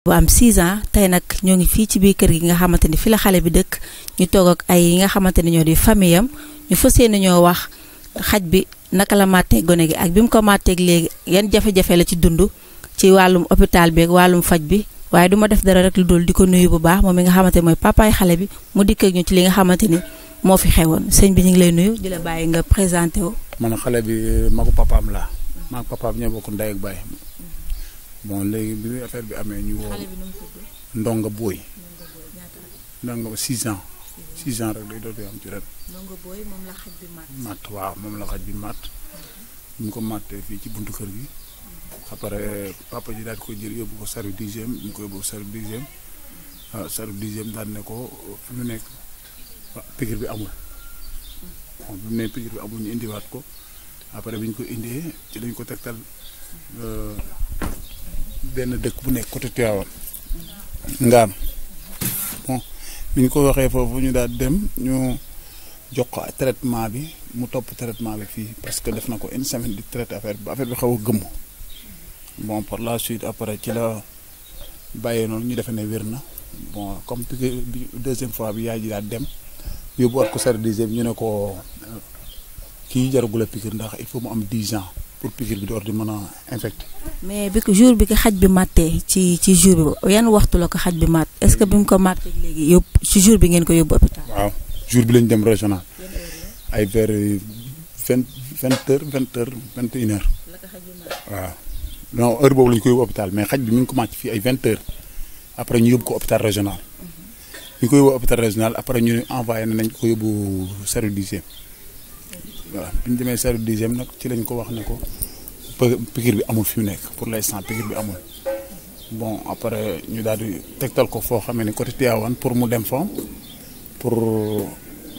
bu am 6 ans tey nag ñoo ngi fii ci biir kër gi nga xamante ni fi la xale bi dëkk ñu toog ak ay yi nga xamante ni ñoo di famille am ñu fas yéene ñoo wax xaj bi naka la màttee gone gi ak bi mu ko màtteeg léegi yan jafe-jafe la ci dund ci wàllum hôpital beeg wàllum faj bi waaye du ma def dara rek lu di ko nuyu bu baax moom mi nga xamante ni mooy papaay xale bi mu dikk ak ñu ci li nga xamante ni moo fi xewoon sëñ bi ñu ngi lay nuyu di la bàyyi nga présenté wu. man xale bi magu papaam laa. magu papaam bon léegi bi affaire bi amee ñu woo ndonga booy nga six ans six ans rek day dootu am ci ren matt waaw moom la xaj bi matt ñu mhm. ko màttee fii ci buntu kër gi mhm. après papa ji daal ko jël yóbbu ko service dixième ñu ko yóbbu service ah, ne ko fi mu nekk ah, piqûre bi amul mhm. bon bi mu ne piqûre bi amul ñu indiwaat ko après bi ñu ko indee ci lañ ko tegtal euh, benn dëkk bu nekk côté Tivaouane ngaam bon bi ñu ko waxee foofu ñu daal dem ñu jox ko traitement bi mu topp traitement bi fii parce que def na ko une semaine di traité affaire bi affaire bi xaw a gëmm bon par la suite après ci la bàyyee noonu ñu defe ne wér na bon comme bi deuxième fois bi yaay ji daal dem yóbbuwaat ko service bi ñu ne ko kii jaragul a piqûre ndax il faut mu am 10 ans. pour piqûre bi door di mën a infecté. mais bi jour bi ko xaj bi màttee ci ci jour bi yan waxtu la ko xaj bi màtt est-ce que bi mu ko màttee léegi yóbbu ci jour bi ngeen ko yóbbu hôpital. waaw jour bi lañ dem régional. ay vers vingt vingt heures vingt la ko xaj bi màtt. waaw non boobu lañ ko yóbbu hôpital mais xaj bi mu ngi ko màtt fii ay vingt heures après ñu yóbbu ko hôpital régional. Mhm. ñu ko yóbbu hôpital régional après ñu envoyé nañ ko yóbbu service d'hygiène. voilà bi ñu demee saru dixième nag ci lañ ko wax ne ko piqûre bi amul fi mu nekk pour l'instant piqûre bi amul bon après ñu daal di tegtal ko foo xamee ne côté Tivaouane pour mu dem fa pour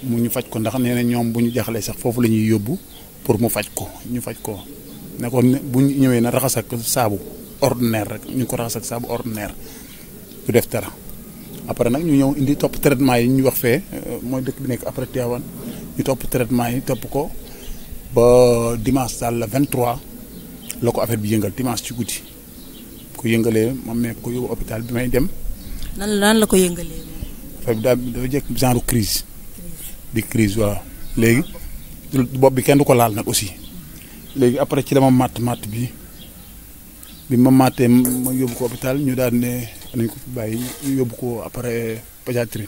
mu ñu faj ko ndax nee ñoom bu ñu jaxalee sax foofu la ñuy yóbbu pour mu faj ko ñu faj ko nekkoon ko bu ñëwee na raxas ak saabu ordinaire rek ñu ko raxas ak saabu ordinaire du def dara après nag ñu ñëw indi topp traitement yi ñu wax fee euh, mooy dëkk bi nekk après Tivaouane ñu topp traitement yi topp ko. ba dimanche daal la 23 la ko affaire bi yëngal dimanche ci guddi ko yëngalee ma mee ko yóbbu hôpital bi may dem. nan nan la ko yëngalee. affaire bi daal dafa jekk genre crise di crise waaw léegi bopp bi kenn du ko laal nag aussi léegi après ci la ma màtt màtt bi bi ma màttee ma yóbbu ko hôpital ñu daal ne nañ ko fi bàyyi ñu yóbbu ko après pédiatrie.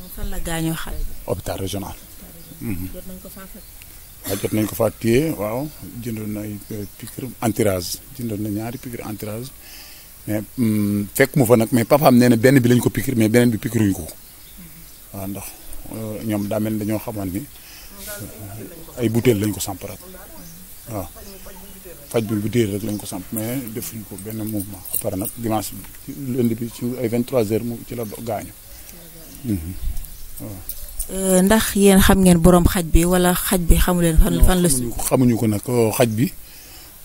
moom fan la gaañoo xale bi. hôpital régional. jot nañ ko faa waaw ah, jot nañ ko faa téye waaw jëndoon na ay piqûre antirage jëndoon na ñaari piqûre antirage mais mm, fekk mu fa nag mais papaam nee na benn bi lañ ko piqûre mais beneen bi piqûre ñu ko waaw ndax euh, ñoom daamel mel ni dañoo xamoon ni euh, ay butéel lañ ko samp rek waaw faj bi butéel rek lañ ko samp mais defuñ ko benn mouvement après nag dimanche lundi bi ci ay 23 heures mu ci la gaañu. Mhm. Euh, ndax yenn xam ngeen boroom xaj bi wala xaj bi xamu leen fan fan la. xamuñu ko nag euh, xaj bi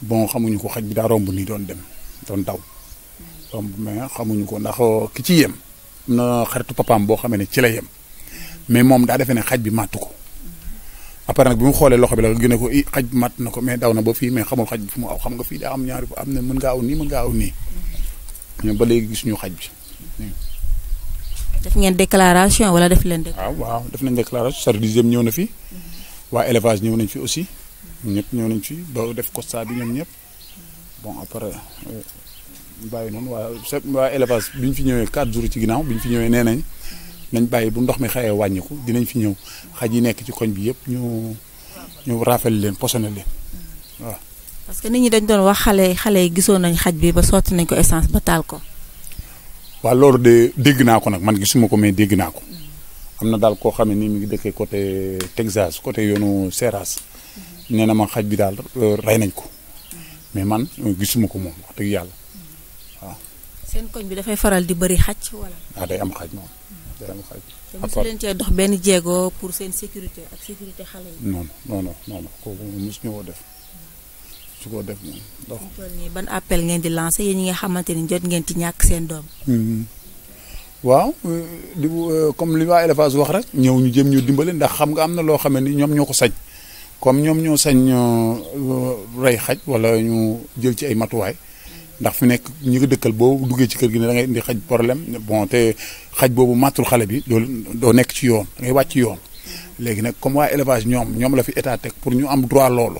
bon xamuñu ko xaj bi daa romb nii doon dem doon daw. romb mais xamuñu ko ndax euh, ki ci yem. na xaritu papaam boo xamee ne ci la yem. mais moom daa defee ne xaj bi màttu ko. après nag bi mu xoolee loxo bi la gën a ko i xaj bi màtt na ko mais daw na ba fii mais xamul xaj bi fu mu aw xam nga fii daa am ñaari am na mën ngaa aw nii mën ngaa aw nii. mais ba léegi gisuñu xaj bi. def ngeen déclaration wala def leen. waaw ah, waaw def nañ déclaration service ñëw na fi waa élevage ñëw nañ fi aussi ñëpp ñëw nañ fi ba def constat bi ñoom ñëpp bon après euh, bàyyi noonu waa waa élevage bi ñu fi ñëwee 4 jours ci ginnaaw bi ñu fi ñëwee nee nañ nañ bàyyi bu ndox mi xëyee wàññiku dinañ fi ñëw xaj yi nekk ci koñ bi yëpp ñu ñu raafal leen posone leen waaw. parce que nit ñi dañ doon wax xale xale yi gisoon nañ xaj bi ba sotti nañ ko essence ba ko. waaw loolu de dégg naa ko nag man gisuma ko mais dégg naa ko am na daal koo xam ne nii mi ngi dëkkee côté Texas côté yoonu Seras nee na ma xaj bi daal euh, rey nañ ko mais man gisuma ko moom wax dëgg yàlla waaw. seen koñ bi dafay faral di bëri xaj wala. Ah, am xaj moom day am xaj. te mosu leen dox benn jéego pour seen sécurité ak sécurité xale yi. non non non non woo def. su ko def moom ndox. ban appel ngeen di lancé yéen ñi nga xamante ni jot ngeen ci ñàkk seen doom. Hmm. waaw di euh, comme li waa élevage wax rek ñëw ñu jëm ñu dimbale ndax xam nga am na loo xam ne ñoom ñoo ko sañ comme ñoom ñoo sañ euh, euh, rey xaj wala ñu jël ci ay matuwaay. ndax fu nekk ñi ko dëkkal boobu duggee ci kër gi ne da ngay indi xaj problème bon te xaj boobu màttul xale bi doo doo nekk ci yoon da ngay wàcc yoon léegi nag comme waa élevage ñoom ñoom la fi état teg pour ñu am droit loolu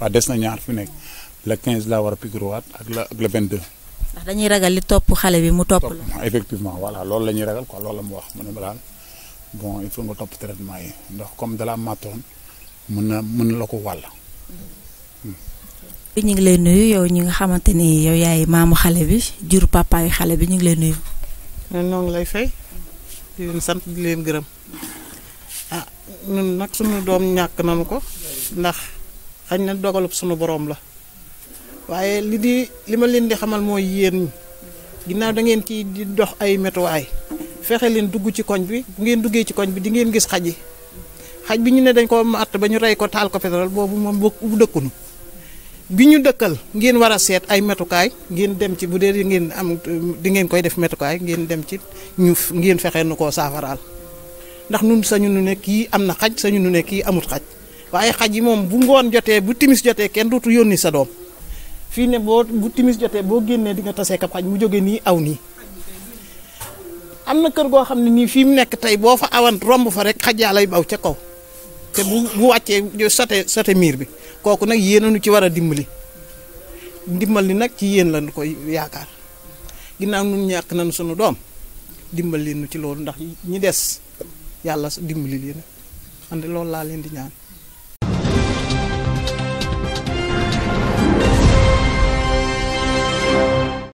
wa ah, dess na ñaar fi nek le 15 la wara a wat ak le 22. ndax dañuy ragal li top xalé bi mu top la. effectivement voilà loolu lañuy ragal quoi loolu la mu wax mu ne ma daal bon il faut nga top traitement yi ndax comme dala màttoon mën na mën na la ko wàll. ñu ngi lay nuyu yow ñi nga xamanteni yow yaay maamu xalé bi jur yi xalé bi ñi ngi lay nuyu. noo ngi lay fay di leen sant di leen gërëm ah ñun nak suñu doom ñak nañu ko ndax xañ na dogalup sunu borom la waye li di lima leen di xamal moy yeen ginaaw da ngeen ci di dox ay ay fexe leen dugg ci koñ bi bu ngeen duggé ci koñ bi di ngeen gis xaji xaj bi ñu ne dañ ko att bañu ray ko tal ko pétrole bobu mom bu dëkkunu bi ñu dëkkal ngeen wara set ay metukaay ngeen dem ci bu deer ngeen am di ngeen koy def metukaay ngeen dem ci ñu ngeen nuko ndax nun sañu nu ne ki am xaj sañu nu ne ki amut xaj waye xaji mom bu ngoon joté bu timis joté kenn dutu yoni sa dom fi ne bo bu timis joté bo génné di nga tassé kab xaji mu joggé ni aw ni amna kër go ni fi mu nek tay bo fa awan romb fa rek xaji bau lay baw ci kaw té bu bu wàccee saté saté miir bi koku nak yéna nu ci wara dimbali dimbal ni nak ci yéen lañ koy yaakar ginnaaw nun ñak nañ suñu dom dimbal leen nu ci loolu ndax ñi des yalla dimbali leen ande loolu la leen di ñaan